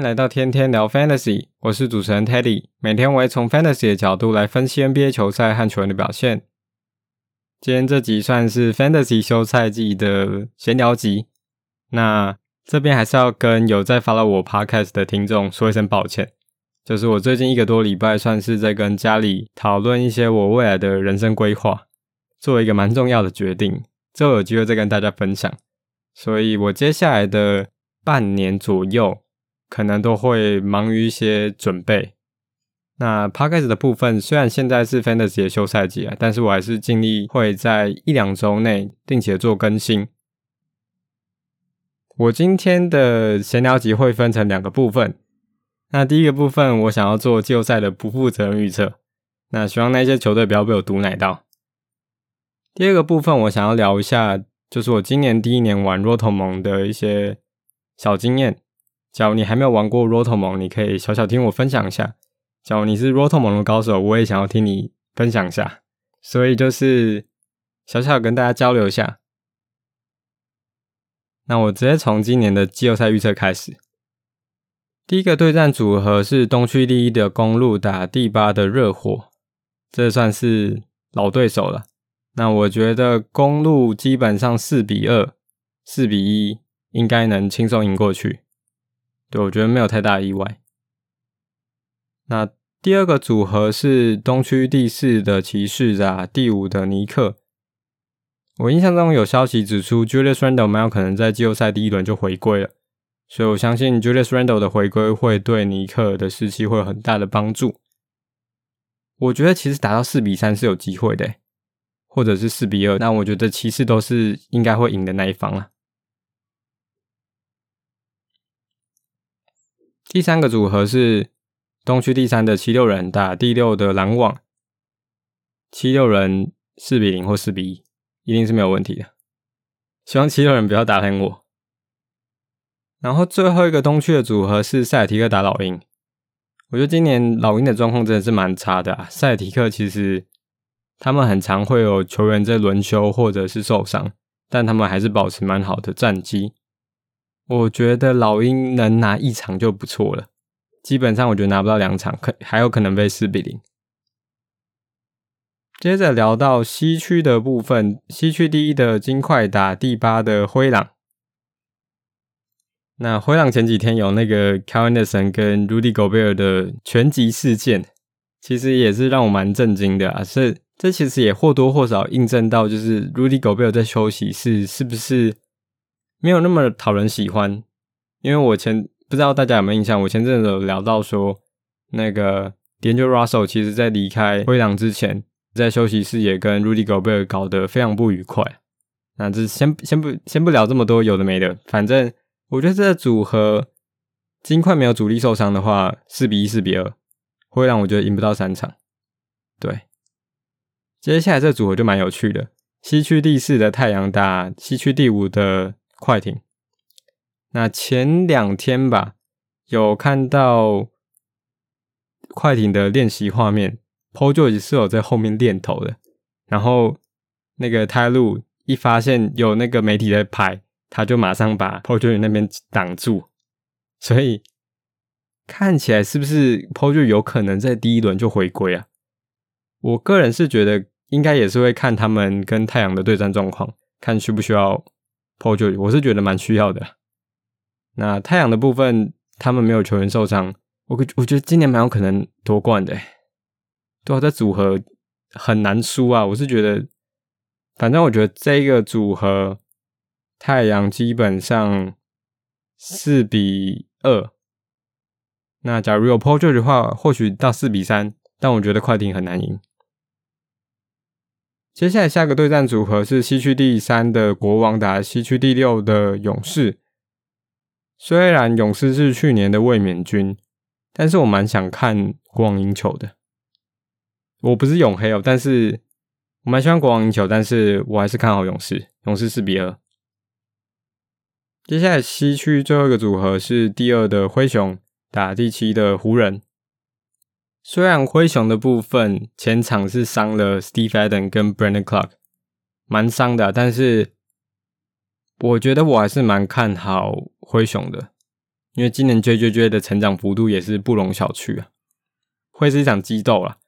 來到天天聊 Fantasy，我是主持人 Teddy。每天我會從 Fantasy 的角度來分析 NBA 球賽和球員的表現。今天這集算是 Fantasy 休賽季的閒聊集。那這邊還是要跟有在 follow 我 Podcast 的聽眾說一聲抱歉，就是我最近一個多禮拜算是在跟家裡討論一些我未來的人生規劃，做一個蠻重要的決定，之後有機會再跟大家分享。所以我接下來的半年左右，可能都會忙於一些準備。那 Podcast 的部分雖然現在是 Fantasy 的休賽季啊，但是我還是盡力會在一兩周內，並且做更新。我今天的閒聊集會分成兩個部分。那第一個部分，我想要做季後賽的不負責任預測。那希望那些球隊不要被我毒奶到。第二個部分，我想要聊一下，就是我今年第一年玩 ROTO 盟的一些小經驗。假如你還沒有玩過 ROTO 盟，你可以小小聽我分享一下。假如你是 ROTO 盟的高手，我也想要聽你分享一下。所以就是小小跟大家交流一下。那我直接從今年的季後賽預測開始。第一個對戰組合是東區第一的公鹿打第八的熱火，這算是老對手了。那我覺得公鹿基本上四比二、四比一應該能輕鬆贏過去。對，我覺得沒有太大的意外。那第二個組合是東區第四的騎士啊，第五的尼克。我印象中有消息指出，Julius Randle 沒有可能在季後賽第一輪就回歸了，所以我相信 Julius Randle 的回歸會對尼克的士氣會有很大的幫助。我覺得其實打到四比三是有機會的、欸，或者是四比二，那我覺得騎士都是應該會贏的那一方了、啊。第三個組合是東區第三的七六人打第六的籃網，七六人四比零或四比一，一定是沒有問題的。希望七六人不要打噴我。然後最後一個東區的組合是塞爾提克打老鷹，我覺得今年老鷹的狀況真的是蠻差的啊，塞爾提克其實他們很常會有球員在輪休或者是受傷，但他們還是保持蠻好的戰績。我覺得老鷹能拿一場就不錯了，基本上我覺得拿不到兩場，可還有可能被四比零。接着聊到西區的部分，西區第一的金塊打第八的灰狼。那灰狼前幾天有那個 Kyle Anderson 跟 Rudy Gobert 的拳擊事件，其實也是讓我蠻震驚的啊！是這其實也或多或少印證到，就是 Rudy Gobert 在休息室是不是？沒有那麼討人喜歡，因為我前不知道大家有沒有印象，我前陣子有聊到說，那個 D'Angelo Russell 其實在離開灰狼之前，在休息室也跟 Rudy Gobert 搞得非常不愉快。那這先先不先不聊這麼多有的沒的，反正我覺得這個組合，金塊沒有主力受傷的話，四比一四比二會讓我覺得贏不到三場。對，接下來這個組合就蠻有趣的，西區第四的太陽打，西區第五的。快艇，那前兩天吧，有看到快艇的練習畫面，PG 是有在後面練頭的。然後那個泰路一發現有那個媒體在拍，他就馬上把 PG 那邊擋住。所以看起來是不是 PG 有可能在第一輪就回歸啊？我個人是覺得應該也是會看他們跟太陽的對戰狀況，看需不需要。泡椒，我是覺得蠻需要的。那太陽的部分，他們沒有球員受傷，我我覺得今年蠻有可能奪冠的。對啊，這組合很難輸啊！我是覺得，反正我覺得這一個組合，太陽基本上四比二。那假如有泡椒的話，或許到四比三，但我覺得快艇很難贏。接下來下個對戰組合是西區第三的國王打西區第六的勇士。雖然勇士是去年的衛冕軍，但是我蠻想看國王贏球的。我不是勇黑哦，但是我蠻喜歡國王贏球，但是我還是看好勇士。勇士四比二。接下來西區最後一個組合是第二的灰熊打第七的湖人。雖然灰熊的部分前場是傷了 Steven Adams 跟 Brandon Clark，蠻傷的、啊，但是我覺得我還是蠻看好灰熊的，因為今年 J.J.J 的成長幅度也是不容小覷啊，會是一場激鬥啦，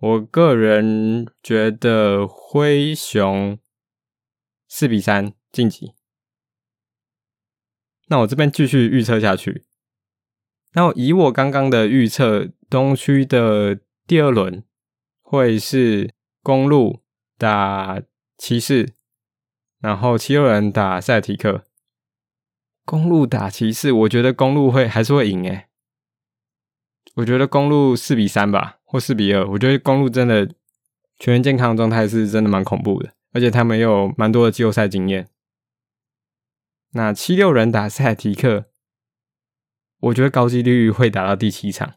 我個人覺得灰熊四比三晉級，那我這邊繼續預測下去，那我以我剛剛的預測。東區的第二輪會是公鹿打騎士，然後七六人打賽提克。公鹿打騎士，我覺得公鹿會還是會贏誒。我覺得公鹿四比三吧，或四比二。我覺得公鹿真的全員健康狀態是真的蠻恐怖的，而且他們也有蠻多的季後賽經驗。那七六人打賽提克，我覺得高幾率會打到第七場。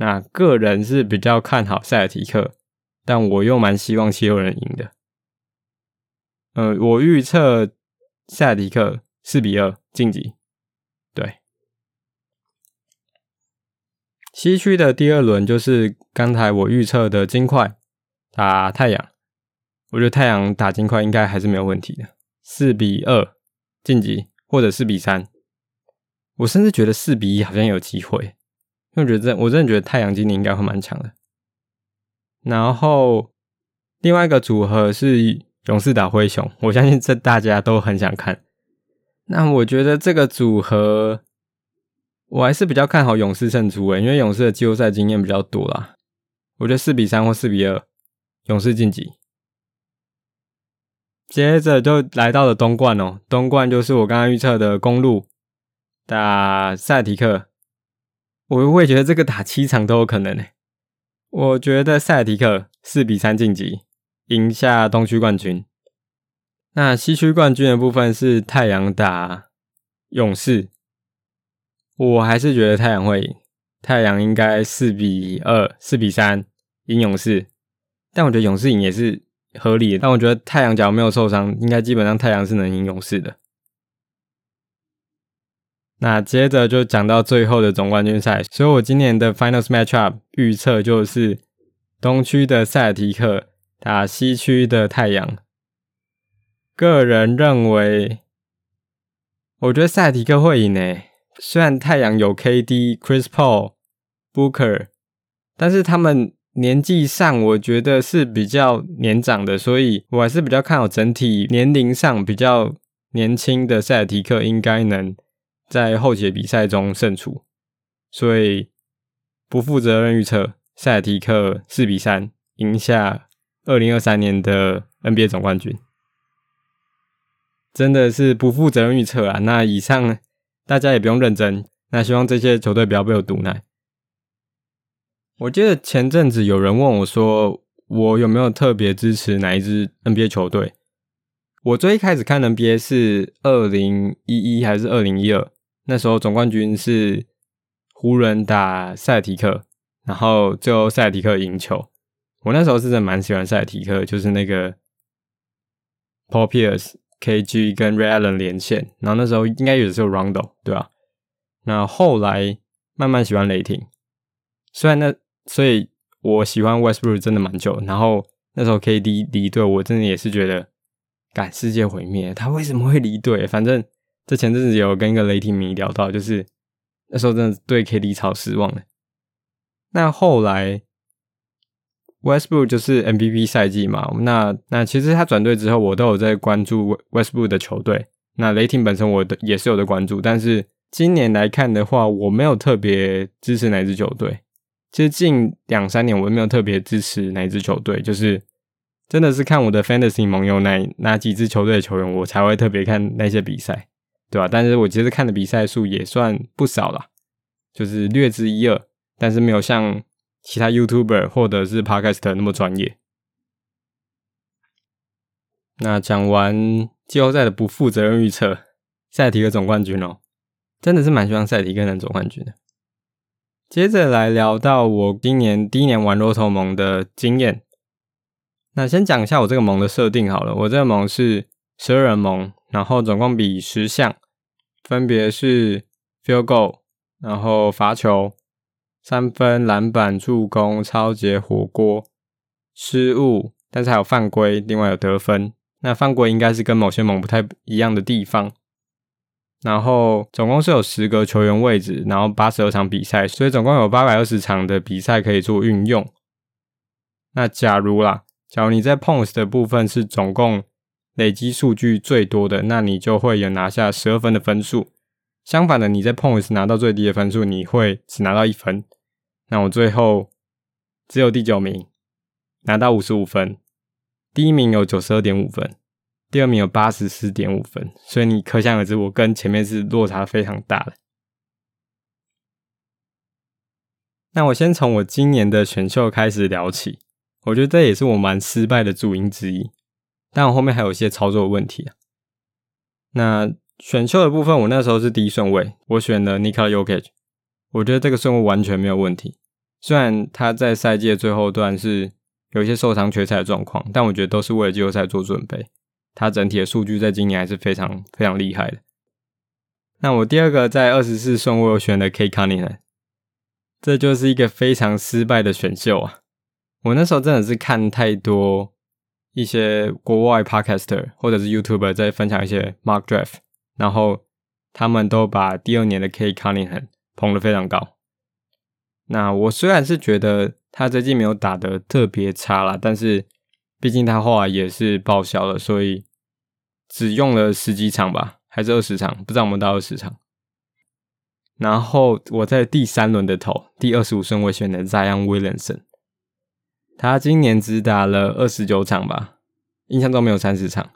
那，個人是比較看好塞爾提克，但我又蠻希望七六人贏的。呃，我預測塞爾提克四比二晉級。對，西區的第二輪就是剛才我預測的金塊打太陽。我覺得太陽打金塊應該還是沒有問題的，四比二晉級或者四比三。我甚至覺得四比一好像有機會。因為我覺得這，我真的覺得太陽今年應該會蠻強的。然後另外一個組合是勇士打灰熊，我相信這大家都很想看。那我覺得這個組合我還是比較看好勇士勝出誒、欸，因為勇士的季後賽經驗比較多啦。我覺得四比三或四比二，勇士晉級。接着就來到了東冠哦、喔，東冠就是我剛剛預測的公鹿打塞提克。我會覺得這個打七場都有可能誒。我覺得塞爾提克四比三晉級，贏下東區冠軍。那西區冠軍的部分是太陽打勇士，我還是覺得太陽會贏。太陽應該四比二、四比三贏勇士，但我覺得勇士贏也是合理的，但我覺得太陽假如沒有受傷，應該基本上太陽是能贏勇士的。那接着就講到最後的總冠軍賽，所以我今年的 finals matchup 預測就是東區的塞爾提克打西區的太陽。個人認為，我覺得賽爾提克會贏誒。雖然太陽有 KD、Chris Paul、Booker，但是他們年紀上我覺得是比較年長的，所以我還是比較看好整體年齡上比較年輕的賽爾提克應該能。在後節比賽中勝出，所以不負責任預測，塞爾提克四比三贏下二零二三年的 NBA 總冠軍，真的是不負責任預測啊！那以上大家也不用認真，那希望這些球隊不要被我毒奶。我記得前陣子有人問我說，我有沒有特別支持哪一支 NBA 球隊？我最一開始看 NBA 是二零一一還是二零一二？那時候總冠軍是湖人打塞爾提克，然後最後塞爾提克贏球。我那時候真的蠻喜歡塞爾提克，就是那個 Paul Pierce KG 跟 Ray Allen 連線。然後那時候應該也是有 Rondo 對吧、啊？那後，後來慢慢喜歡雷霆。雖然那，所以我喜歡 Westbrook 真的蠻久的。然後那時候 KD 離隊，我真的也是覺得趕世界毀滅。他為什麼會離隊？反正。這前陣子有跟一個雷霆迷聊到，就是那時候真的對 KD 超失望了。那後來 Westbrook 就是 MVP 賽季嘛，那那其實他轉隊之後，我都有在關注 Westbrook 的球隊。那雷霆本身，我的也是有的關注，但是今年來看的話，我沒有特別支持哪支球隊。其實近兩三年，我都沒有特別支持哪支球隊，就是真的是看我的 Fantasy 盟友那那幾支球隊的球員，我才會特別看那些比賽。對吧、啊？但是我其實看的比賽數也算不少啦，就是略知一二，但是沒有像其他 YouTuber 或者是 Podcaster 那麼專業。那講完季後賽的不負責任預測，賽提克總冠軍哦，真的是蠻希望賽提克能總冠軍的。接着來聊到我今年第一年玩 ROTO 盟的經驗。那先講一下我這個盟的設定好了，我這個盟是十二人盟。然後總共比十項，分別是 field goal，然後罰球、三分、籃板、助攻、抄截、火鍋、失誤，但是還有犯規，另外有得分。那犯規應該是跟某些盟不太一樣的地方。然後總共是有十個球員位置，然後八十二場比賽，所以總共有八百二十場的比賽可以做運用。那假如啦，假如你在 points 的部分是總共。累積數據最多的，那你就會有拿下十二分的分數。相反的，你在碰一次拿到最低的分數，你會只拿到一分。那我最後只有第九名，拿到五十五分。第一名有九十二點五分，第二名有八十四點五分。所以你可想而知，我跟前面是落差非常大的。那我先從我今年的選秀開始聊起，我覺得這也是我蠻失敗的主因之一。但我後面還有一些操作的問題啊。那選秀的部分，我那時候是第一順位，我選了 Nikola Jokic，我覺得這個順位完全沒有問題。雖然他在賽季的最後段是有一些受傷缺賽的狀況，但我覺得都是為了季後賽做準備。他整體的數據在今年還是非常非常厲害的。那我第二個在二十四順位我選的 Cade Cunningham，這就是一個非常失敗的選秀啊。我那時候真的是看太多，一些國外 podcaster 或者是 youtuber 在分享一些 mock draft，然後他們都把第二年的 Cade Cunningham 捧得非常高。那我雖然是覺得他最近沒有打得特別差啦，但是畢竟他後來也是報銷了，所以只用了十幾場吧，還是二十場，不知道我們到二十場。然後我在第三輪的頭，第二十五順位選的 Zion Williamson。他今年只打了二十九場吧，印象中沒有三十場，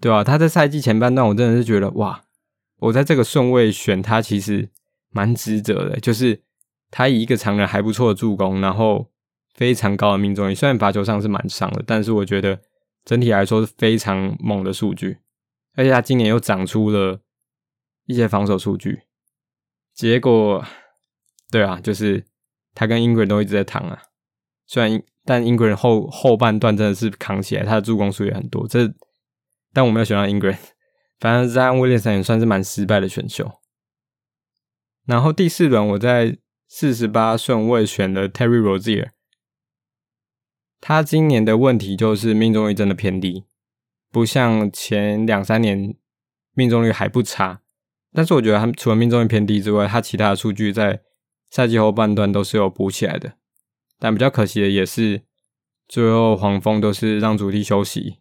對啊，他在賽季前半段，我真的是覺得哇，我在這個順位選他其實蠻值得的。就是他以一個長人還不錯的助攻，然後非常高的命中率，雖然罰球上是蠻傷的，但是我覺得整體來說是非常猛的數據。而且他今年又長出了一些防守數據，結果，對啊，就是他跟英國人都一直在躺啊，雖然。但英格倫後後半段真的是扛起來，他的助攻數也很多。這，但我沒有選到英格倫。反正 Zion Williamson 也算是蠻失敗的選秀。然後第四輪我在四十八順位選了 Terry Rozier，他今年的問題就是命中率真的偏低，不像前兩三年命中率還不差。但是我覺得他除了命中率偏低之外，他其他的數據在賽季後半段都是有補起來的。但比較可惜的也是，最後黃蜂都是讓主力休息。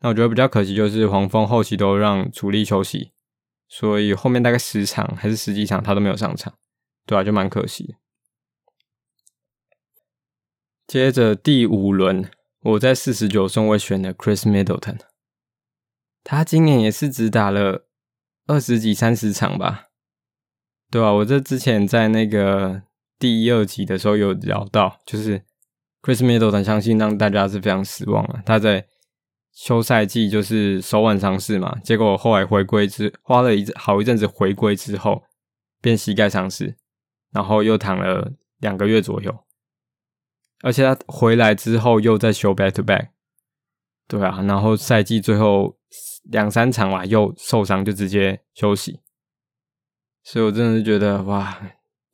那我覺得比較可惜就是黃蜂後期都讓主力休息，所以後面大概十場還是十幾場他都沒有上場，對啊，就蠻可惜。接着第五輪，我在四十九順位選的 Chris Middleton，他今年也是只打了二十幾三十場吧，對啊，我這之前在那個。第一、二集的時候有聊到，就是 Chris Middleton 相信讓大家是非常失望了、啊。他在休賽季就是手腕嘗試嘛，結果後來回歸之花了一好一陣子回歸之後，變膝蓋嘗試，然後又躺了兩個月左右。而且他回來之後又在休 back to back，對啊，然後賽季最後兩三場嘛、啊、又受傷就直接休息。所以我真的是覺得哇。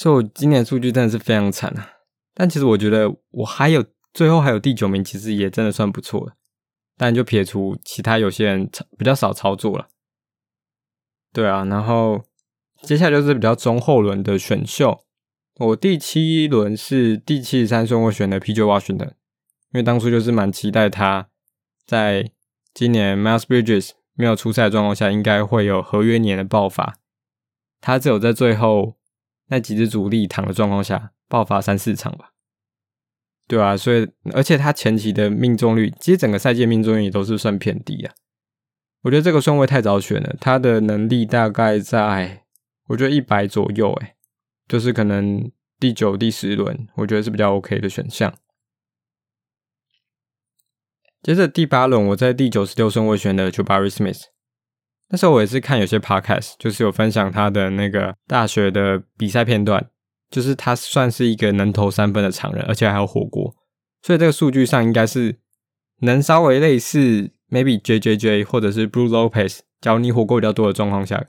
所以我今年數據真的是非常慘啊！但其實我覺得我還有最後還有第九名，其實也真的算不錯了。當然就撇除其他有些人操比較少操作了。對啊，然後接下來就是比較中後輪的選秀。我第七輪是第七十三順位我選的 P.J. Washington，因為當初就是蠻期待他在今年 Miles Bridges 沒有出賽的狀況下，應該會有合約年的爆發。他只有在最後那幾隻主力躺的狀況下，爆發三四場吧，對啊，所以而且他前期的命中率，其實整個賽季的命中率也都是算偏低啊。我覺得這個順位太早選了，他的能力大概在，我覺得一百左右，哎，就是可能第九、第十輪，我覺得是比較 OK 的選項。接着第八輪，我在第九十六順位選的賈巴瑞史密斯。那時候我也是看有些 podcast，就是有分享他的那個大學的比賽片段，就是他算是一個能投三分的長人，而且還有火鍋，所以這個數據上應該是能稍微類似 maybe JJJ 或者是 Brook Lopez，假如你火鍋比較多的狀況下，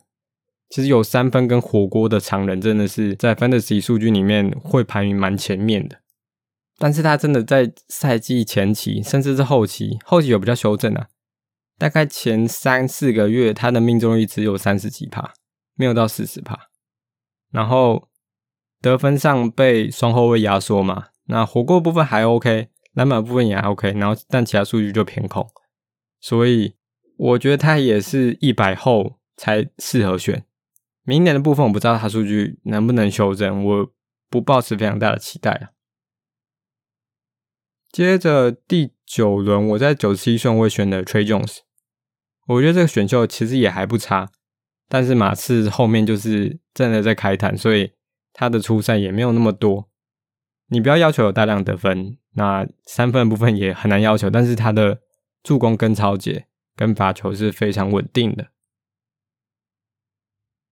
其實有三分跟火鍋的長人真的是在 fantasy 數據裡面會排名蠻前面的，但是他真的在賽季前期甚至是後期，後期有比較修正啊。大概前三四個月，他的命中率只有三十幾帕，沒有到四十帕。然後得分上被雙後衛壓縮嘛，那火鍋部分還 OK，籃板部分也還 OK，然後但其他數據就偏空。所以我覺得他也是一百後才適合選。明年的部分我不知道他數據能不能修正，我不抱持非常大的期待了。接着第九輪，我在九十七順位選的 Tre Jones。我覺得這個選秀其實也還不差，但是馬刺後面就是真的在開壇，所以他的出賽也沒有那麼多。你不要要求有大量得分，那三分部分也很難要求，但是他的助攻跟抄截跟罰球是非常穩定的。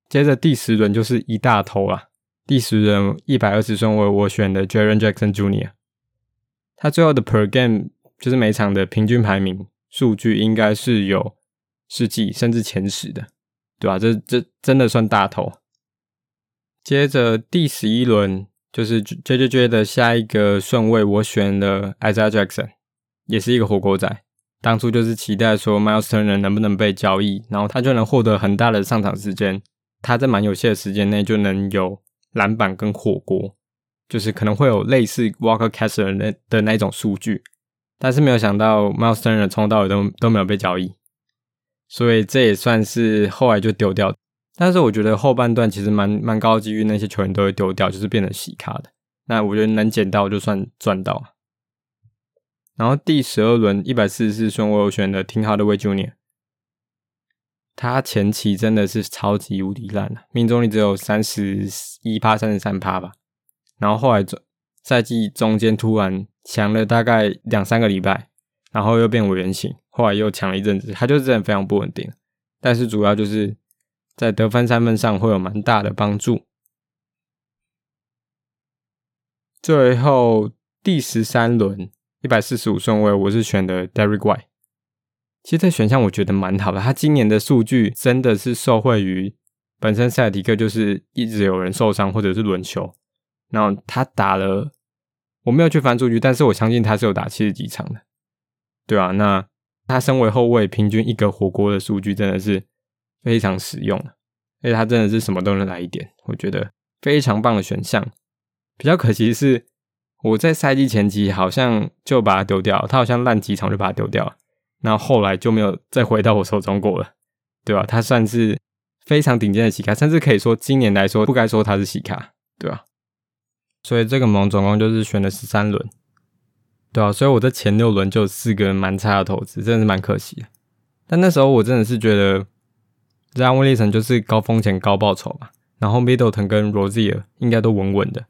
接着第十輪就是一大頭了、啊，第十輪一百二十順位我選的 Jaren Jackson Jr.，他最後的 per game 就是每場的平均排名數據應該是有，世紀甚至前十的，對吧？這這真的算大頭。接着第十一輪就是 J J J 的下一個順位，我選了 Isaiah Jackson，也是一個火鍋仔。當初就是期待說 Myles Turner 能不能被交易，然後他就能獲得很大的上場時間。他在蠻有限的時間內就能有籃板跟火鍋，就是可能會有類似 Walker Kessler 那的那，的那一種數據。但是沒有想到 Myles Turner 衝到也都都沒有被交易。所以這也算是後來就丟掉，但是我覺得後半段其實蠻蠻高幾率那些球員都會丟掉，就是變成洗卡的。那我覺得能撿到就算賺到。然後第十二輪一百四十四順位，我有選的，Tim Hardaway Junior，他前期真的是超級無敵爛啊，命中率只有三十一趴三十三趴吧。然後後來中賽季中間突然強了大概兩三個禮拜。然後又變為人形，後來又強了一陣子，他就是真的非常不穩定。但是主要就是在得分三分上會有蠻大的幫助。最後第十三輪一百四十五順位，我是選的 Derrick White。其實這選項我覺得蠻好的，他今年的數據真的是受惠於本身賽迪克就是一直有人受傷或者是輪休，然後他打了，我沒有去翻數據，但是我相信他是有打七十幾場的。對啊，那他身為後衛，平均一個火鍋的數據真的是非常實用，而且他真的是什麼都能來一點，我覺得非常棒的選項。比較可惜的是我在賽季前期好像就把他丟掉，他好像爛機場就把他丟掉了，然後後來就沒有再回到我手中過了，對吧、啊？他算是非常頂尖的奇卡，甚至可以說今年來說不該說他是奇卡，對吧、啊？所以這個盟總共就是選了十三輪。對啊，所以我在前六輪就有四個人蠻差的投資，真的是蠻可惜的。但那時候我真的是覺得，讓威力城就是高風險高報酬嘛。然後 Middleton 跟 Rozier 應該都穩穩的。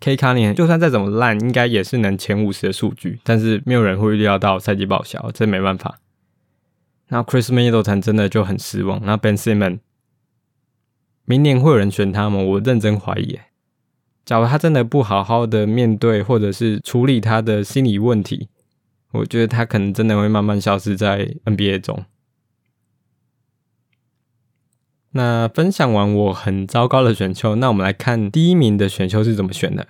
K 卡尼就算再怎麼爛，應該也是能前五十的數據。但是沒有人會預料到，到賽季報銷，這沒辦法。那 Chris Middleton 真的就很失望。那 Ben Simmons 明年會有人選他嗎？我認真懷疑、欸。假如他真的不好好的面對或者是處理他的心理問題，我覺得他可能真的會慢慢消失在 NBA 中。那分享完我很糟糕的選秀，那我們來看第一名的選秀是怎麼選的。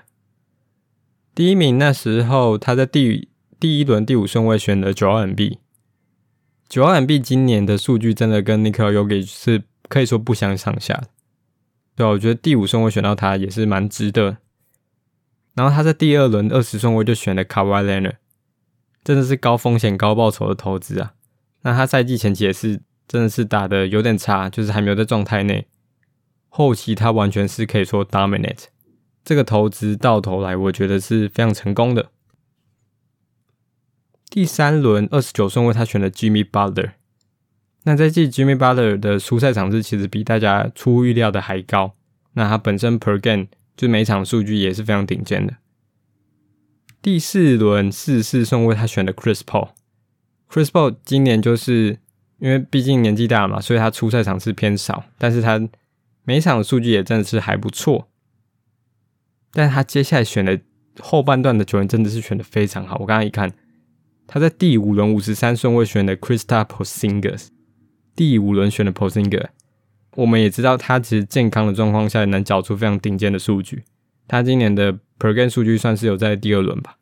第一名那時候他在第第一輪第五順位選了九 r m B，九 r m B 今年的數據真的跟尼可拉約基奇是可以說不相上下的。對，我覺得第五順位選到他也是蠻值得。然後他在第二輪二十順位就選了 Kawhi Leonard，真的是高風險高報酬的投資啊。那他賽季前期也是真的是打的有點差，就是還沒有在狀態內。後期他完全是可以說 dominate，這個投資到頭來我覺得是非常成功的。第三輪二十九順位他選了 Jimmy Butler。那在這季 Jimmy Butler 的出賽場次其實比大家出乎意料的還高。那他本身 per game 就每場數據也是非常頂尖的。第四輪四十四順位他選的 Chris Paul，Chris Paul 今年就是因為畢竟年紀大了嘛，所以他出賽場次偏少，但是他每場的數據也真的是還不錯。但他接下來選的後半段的球員真的是選的非常好。我剛剛一看，他在第五輪五十三順位選的 Kristaps Porzingis。第五輪選的 Porzingis，我們也知道他其實健康的狀況下也能找出非常頂尖的數據。他今年的 per game 數據算是有在第二輪吧，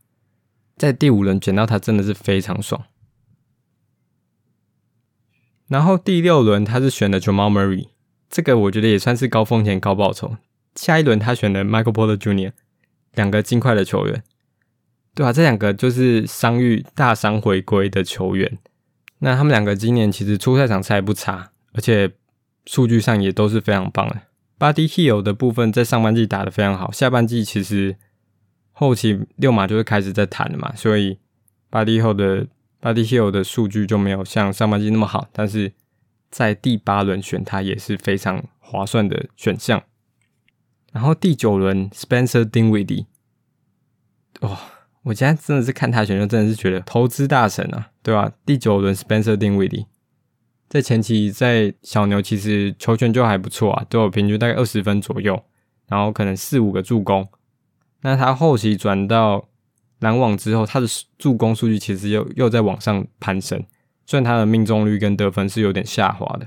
在第五輪選到他真的是非常爽。然後第六輪他是選的 Jamal Murray，這個我覺得也算是高風險高報酬。下一輪他選的 Michael Porter Jr，兩個金塊的球員，對啊，這兩個就是傷癒大傷回歸的球員。那他們兩個今年其實出賽場次還不差，而且數據上也都是非常棒的。Buddy Hield 的部分在上半季打得非常好，下半季其實後期六馬就是開始在談了嘛，所以 Buddy Hield 的 Buddy Hield 的數據就沒有像上半季那麼好，但是在第八輪選他也是非常划算的選項。然後第九輪 Spencer Dinwiddie，哇。我今天真的是看他選秀，真的是覺得投資大神啊，對吧、啊？第九輪 Spencer Dinwiddie，在前期在小牛其實球權就還不錯啊，都有平均大概二十分左右，然後可能四五個助攻。那他後期轉到籃網之後，他的助攻數據其實又又在往上攀升，雖然他的命中率跟得分是有點下滑的。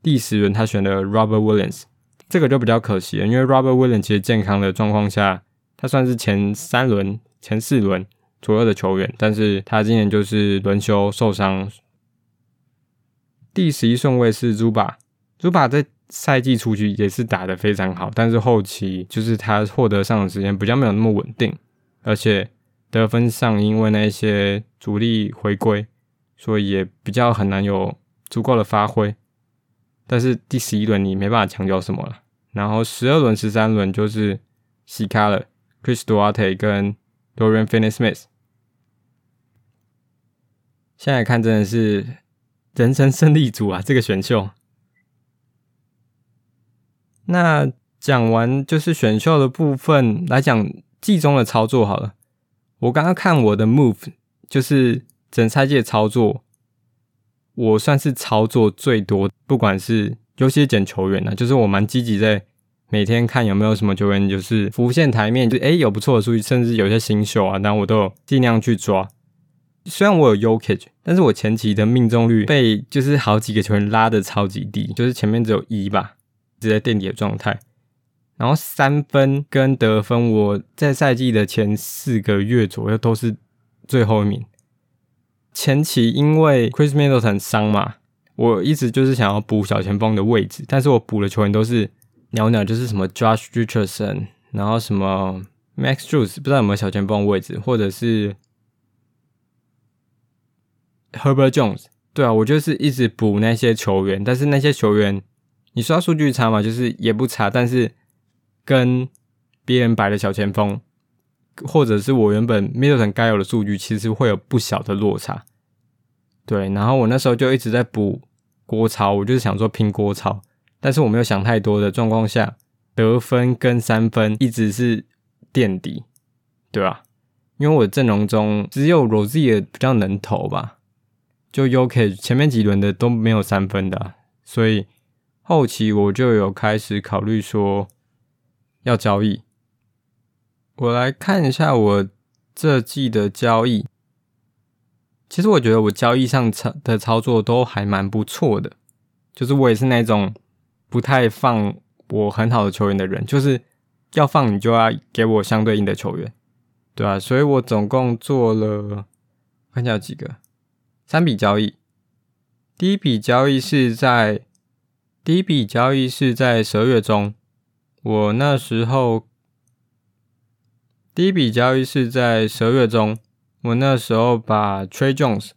第十輪他選的 Robert Williams，這個就比較可惜了，因為 Robert Williams 其實健康的狀況下。他算是前三輪、前四輪左右的球員，但是他今年就是輪休受傷。第十一順位是朱巴，朱巴在賽季初期也是打得非常好，但是後期就是他獲得上的時間比較沒有那麼穩定，而且得分上因為那些主力回歸，所以也比較很難有足夠的發揮。但是第十一輪你沒辦法強調什麼了，然後十二輪、十三輪就是西卡了。Chris Duarte 跟 Dorian Finney-Smith，現在看真的是人生勝利組啊！這個選秀。那講完就是選秀的部分來，來講季中的操作好了。我剛剛看我的 Move，就是整賽季的操作，我算是操作最多，不管是優先撿球員呢、啊，就是我蠻積極在。每天看有沒有什麼球員，就是浮現台面，就是，就、欸、哎有不錯的數據，甚至有些新秀啊，然後，我都有儘量去抓。雖然我有 UKE，但是我前期的命中率被就是好幾個球員拉的超級低，就是前面只有一吧，只在墊底的狀態。然後三分跟得分，我在賽季的前四個月左右都是最後一名。前期因為 Chris Middleton 很傷嘛，我一直就是想要補小前鋒的位置，但是我補的球員都是。鳥鳥就是什麼 Josh Richardson，然後什麼 Max Strus，不知道有沒有小前鋒位置，或者是 Herbert Jones。對啊，我就是一直補那些球員，但是那些球員你刷數據差嘛，就是也不差，但是跟別人擺的小前鋒，或者是我原本 Middleton 該有的數據，其實會有不小的落差。對，然後我那時候就一直在補郭超，我就是想說拼郭超。但是我沒有想太多的狀況下，得分跟三分一直是墊底，對吧？因為我的陣容中只有 Rozier 比較能投吧，就 UK 前面幾輪的都沒有三分的啊，所以後期我就有開始考慮說要交易。我來看一下我這季的交易，其實我覺得我交易上操的操作都還蠻不錯的，就是我也是那種。不太放我很好的球員的人，就是要放你就要給我相對應的球員，對啊，所以我總共做了，看一下有幾個，三筆交易。第一筆交易是在第一筆交易是在十二月中，我那時候第一筆交易是在十二月中，我那時候把 Tre Jones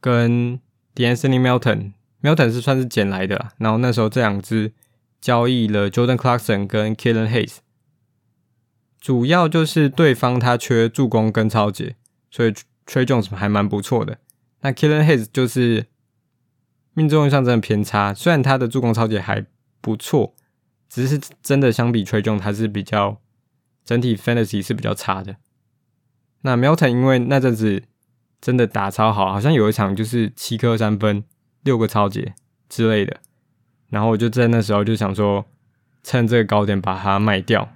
跟 De'Anthony Melton。Milton 是算是撿來的，然後那時候這兩支交易了 Jordan Clarkson 跟 Killian Hayes，主要就是對方他缺助攻跟抄截，所以 Tre Jones 還蠻不錯的。那 Killian Hayes 就是命中率上真的偏差，雖然他的助攻抄截還不錯，只是真的相比 Tre Jones 他是比較整體 Fantasy 是比較差的。那 Milton 因為那陣子真的打超好，好像有一場就是七顆三分。六個抄截之類的，然後我就在那時候就想說，趁這個高點把它賣掉。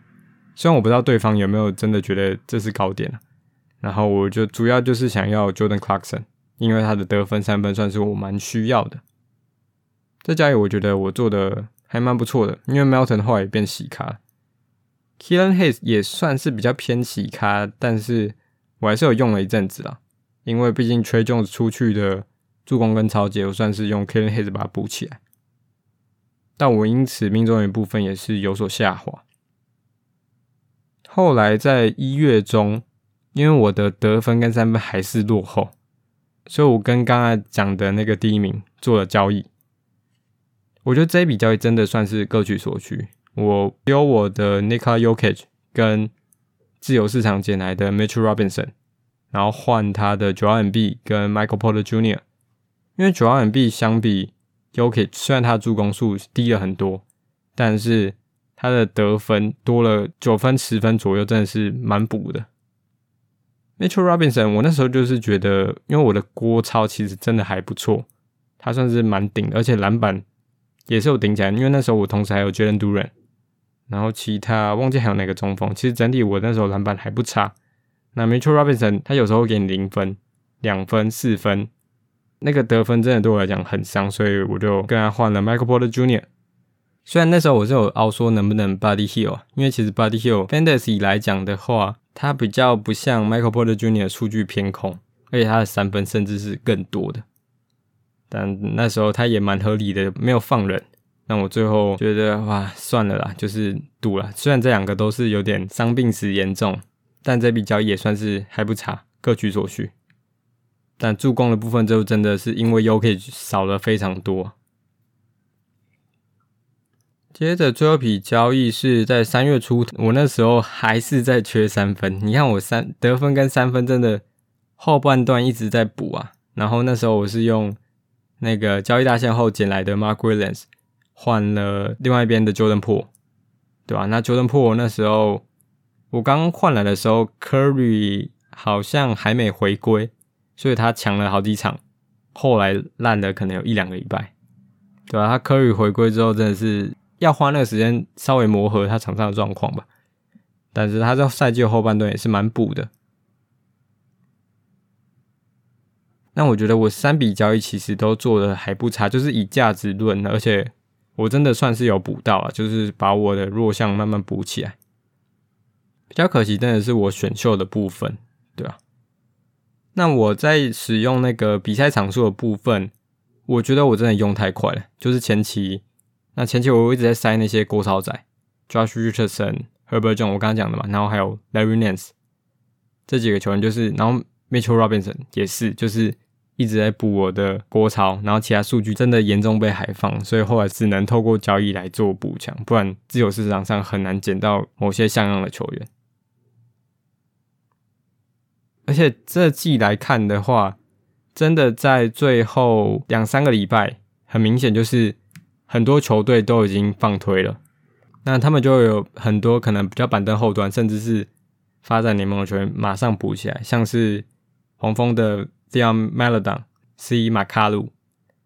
雖然我不知道對方有沒有真的覺得這是高點，然後我就主要就是想要 Jordan Clarkson，因為他的得分三分算是我蠻需要的。在家裡我覺得我做得還蠻不錯的，因為 Melton 後來也變洗咖了，Killian Hayes 也算是比較偏洗咖，但是我還是有用了一陣子啦，因為畢竟 Tre Jones 出去的。助攻跟抄截，我算是用 Killian Hayes 把它補起來，但我因此命中率部分也是有所下滑。後來在一月中，因為我的得分跟三分還是落後，所以我跟剛才講的那個第一名做了交易。我覺得這一筆交易真的算是各取所需。我丟我的 Nikola Jokic 跟自由市場撿來的 Mitchell Robinson，然後換他的 Jordan B 跟 Michael Porter Jr。因為 Joel Embiid 相比 Jokic 雖然他助攻數低了很多，但是他的得分多了九分十分左右，真的是蠻補的。Mitchell Robinson，我那時候就是覺得，因為我的鍋超其實真的還不錯，他算是蠻頂的，而且籃板也是有頂起來。因為那時候我同時還有 Jalen Duren，然後其他忘記還有哪個中鋒，其實整體我那時候籃板還不差。那 Mitchell Robinson，他有時候會給你零分、兩分、四分。那個得分真的對我來講很傷，所以我就跟他換了 Michael Porter Jr。雖然那時候我是有凹說能不能 Body h e l l 因為其實 Body h e l l f a n e a s 以來講的話，它比較不像 Michael Porter Jr 數據偏空，而且他的三分甚至是更多的。但那時候他也蠻合理的，沒有放人。那我最後覺得哇，算了啦，就是賭了。雖然這兩個都是有點傷病史嚴重，但這比交易也算是還不差，各取所需。但助攻的部分就真的是因為 Jokic 少了非常多。接着最後一筆交易是在三月初，我那時候還是在缺三分。你看我三得分跟三分真的後半段一直在補啊。然後那時候我是用那個交易大限後撿來的 Mark Williams 換了另外一邊的 Jordan Poole 對吧、啊？那 Jordan Poole 那時候我剛換來的時候，Curry 好像還沒回歸。所以他搶了好幾場，後來爛的可能有一兩個禮拜，對吧？他科宇回歸之後，真的是要花那個時間稍微磨合他場上的狀況吧。但是他在賽季後半段也是蠻補的。那我覺得我三筆交易其實都做的還不差，就是以價值論，而且我真的算是有補到啊，就是把我的弱項慢慢補起來。比較可惜，真的是我選秀的部分，對吧？那我在使用那個比賽場數的部分，我覺得我真的用太快了。就是前期，那前期我一直在塞那些鍋抄仔，Josh Richardson、Herbert Jones，我剛剛講的嘛，然後還有 Larry Nance 這幾個球員，就是然後 Mitchell Robinson 也是，就是一直在補我的鍋抄，然後其他數據真的嚴重被海放，所以後來只能透過交易來做補強，不然自由市場上很難撿到某些像樣的球員。而且這季來看的話，真的在最後兩三個禮拜，很明顯就是很多球隊都已經放推了。那他們就有很多可能比較板凳後端，甚至是發展聯盟的球員馬上補起來，像是黃蜂的 Theo Maledon、C. Macalou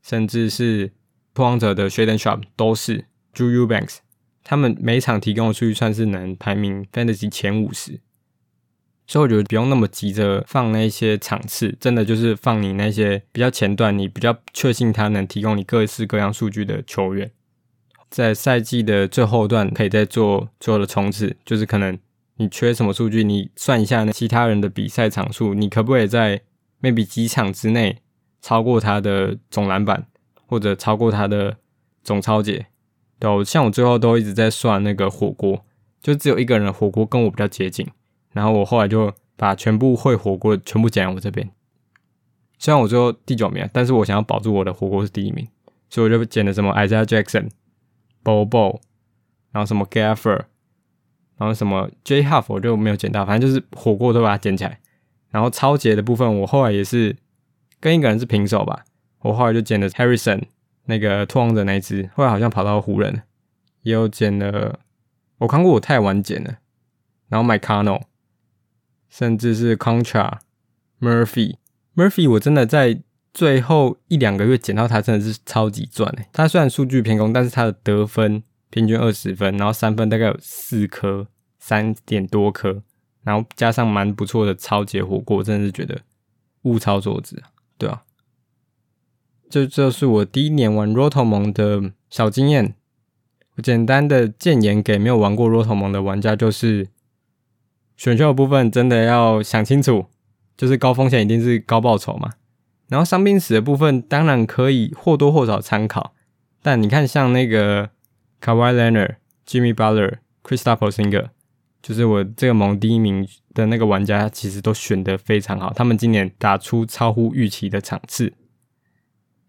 甚至是拓荒者的 Shaedon Sharpe 都是 Drew Eubanks，他們每一場提供的數據算是能排名 Fantasy 前五十。所以我覺得不用那麼急着放那些場次，真的就是放你那些比較前段，你比較確信他能提供你各式各樣數據的球員，在賽季的最後段，可以再做最後的衝刺，就是可能你缺什麼數據，你算一下其他人的比賽場數，你可不可以在 maybe 幾場之內超過他的總籃板，或者超過他的總抄截？都、哦、像我最後都一直在算那個火鍋，就只有一個人的火鍋跟我比較接近。然後我後來就把全部會火鍋全部撿在我這邊，雖然我最後第九名，但是我想要保住我的火鍋是第一名，所以我就撿了什麼 Isaiah Jackson、Bobo，然後什麼 Gaffer，然後什麼 Jay Huff 我就沒有撿到，反正就是火鍋都把它撿起來。然後抄截的部分我後來也是跟一個人是平手吧，我後來就撿的 Harrison 那個拓荒者那一只，後來好像跑到了湖人了，也有撿了。我看過我太晚撿了，然後 McConnell 甚至是 Contra Murphy，Murphy，Murphy 我真的在最後一兩個月撿到他，真的是超級賺誒、欸！他雖然數據偏攻，但是他的得分平均二十分，然後三分大概有四顆，三點多顆，然後加上蠻不錯的超級的火鍋，真的是覺得物超所值，對啊。就這就是我第一年玩 Roto 盟的小經驗，我簡單的建言給沒有玩過 Roto 盟的玩家就是。選秀的部分真的要想清楚，就是高風險一定是高報酬嘛。然後傷病史的部分當然可以或多或少參考，但你看像那個 Kawhi Leonard、Jimmy Butler、Kristaps Porzingis，就是我這個盟第一名的那個玩家，他其實都選的非常好。他們今年打出超乎預期的場次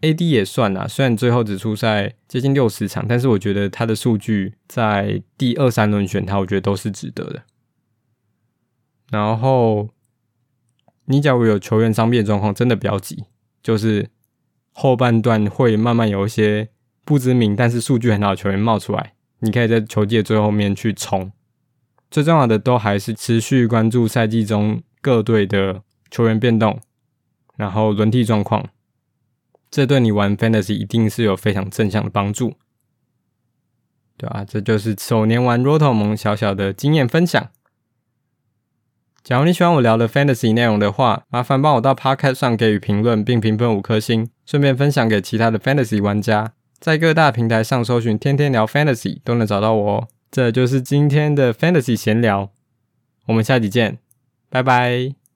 ，AD 也算啦，雖然最後只出賽接近六十場，但是我覺得他的數據在第二三輪選他，我覺得都是值得的。然後，你假如有球員傷病狀況，真的不要急，就是後半段會慢慢有一些不知名但是數據很好的球員冒出來，你可以在球季最後面去衝。最重要的都還是持續關注賽季中各隊的球員變動，然後輪替狀況，這對你玩 Fantasy 一定是有非常正向的幫助，對啊，這就是首年玩 Roto 盟小小的經驗分享。假如你喜歡我聊的 fantasy 內容的話，麻煩幫我到 Podcast 上給予評論並評分五顆星，順便分享給其他的 fantasy 玩家。在各大平台上搜尋“天天聊 fantasy” 都能找到我哦。這就是今天的 fantasy 閒聊，我們下集見，拜拜。